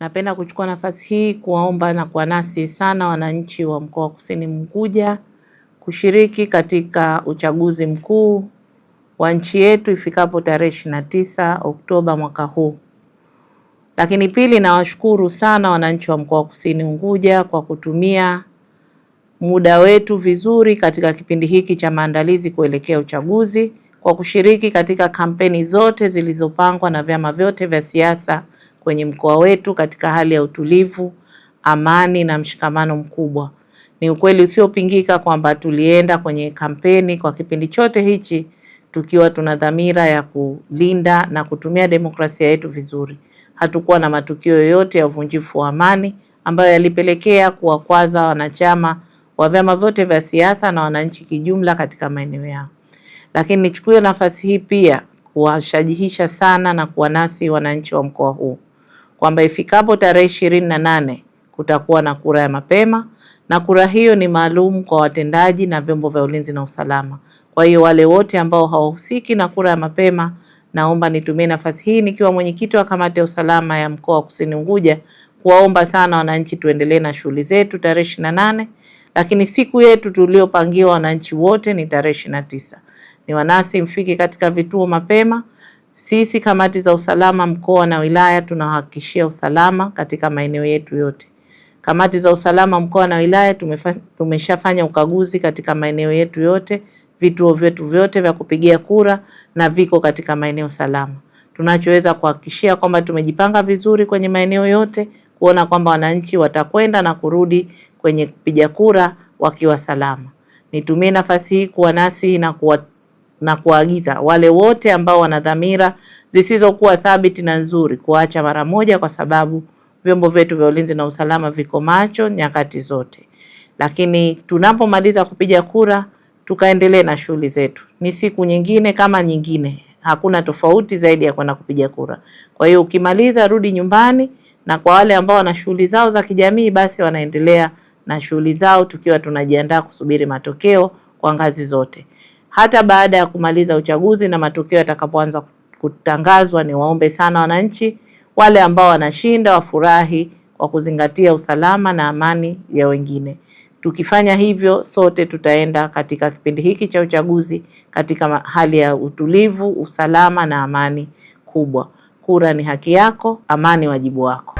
Napenda kuchukua nafasi hii kuwaomba na kwa nasi sana wananchi wa mkoa wa Kusini Unguja kushiriki katika uchaguzi mkuu wa nchi yetu ifikapo tarehe 29 tisa Oktoba mwaka huu. Lakini pili, nawashukuru sana wananchi wa mkoa wa Kusini Unguja kwa kutumia muda wetu vizuri katika kipindi hiki cha maandalizi kuelekea uchaguzi kwa kushiriki katika kampeni zote zilizopangwa na vyama vyote vya siasa kwenye mkoa wetu katika hali ya utulivu, amani na mshikamano mkubwa. Ni ukweli usiopingika kwamba tulienda kwenye kampeni kwa kipindi chote hichi tukiwa tuna dhamira ya kulinda na kutumia demokrasia yetu vizuri. Hatukuwa na matukio yoyote ya uvunjifu wa amani ambayo yalipelekea kuwakwaza wanachama wa vyama vyote vya siasa na wananchi kijumla katika maeneo yao. Lakini nichukue nafasi hii pia kuwashajihisha sana na kuwanasi wananchi wa mkoa huu kwamba ifikapo tarehe ishirini na nane kutakuwa na kura ya mapema, na kura hiyo ni maalum kwa watendaji na vyombo vya ulinzi na usalama. Kwa hiyo wale wote ambao hawahusiki na kura ya mapema, naomba nitumie nafasi hii nikiwa mwenyekiti wa kamati ya usalama ya mkoa wa Kusini Unguja kuwaomba sana wananchi, tuendelee na shughuli zetu tarehe ishirini na nane, lakini siku yetu tuliopangiwa wananchi wote ni tarehe ishirini na tisa. Ni wanasi mfike katika vituo mapema sisi kamati za usalama mkoa na wilaya tunahakikishia usalama katika maeneo yetu yote. Kamati za usalama mkoa na wilaya tumeshafanya ukaguzi katika maeneo yetu yote, vituo vyetu vyote vya kupigia kura na viko katika maeneo salama. Tunachoweza kuhakikishia kwamba tumejipanga vizuri kwenye maeneo yote kuona kwamba wananchi watakwenda na kurudi kwenye kupiga kura wakiwa salama. Nitumie nafasi hii kuwa nasi na kuwa na kuagiza wale wote ambao wana dhamira zisizokuwa thabiti na nzuri kuacha mara moja, kwa sababu vyombo vyetu vya ulinzi na usalama viko macho nyakati zote. Lakini tunapomaliza kupiga kura, tukaendelee na shughuli zetu. Ni siku nyingine kama nyingine, hakuna tofauti zaidi ya kwenda kupiga kura. Kwa hiyo ukimaliza, rudi nyumbani, na kwa wale ambao wana shughuli zao za kijamii, basi wanaendelea na shughuli zao, tukiwa tunajiandaa kusubiri matokeo kwa ngazi zote hata baada ya kumaliza uchaguzi na matokeo yatakapoanza kutangazwa, ni waombe sana wananchi wale ambao wanashinda wafurahi kwa kuzingatia usalama na amani ya wengine. Tukifanya hivyo, sote tutaenda katika kipindi hiki cha uchaguzi katika hali ya utulivu, usalama na amani kubwa. Kura ni haki yako, amani wajibu wako.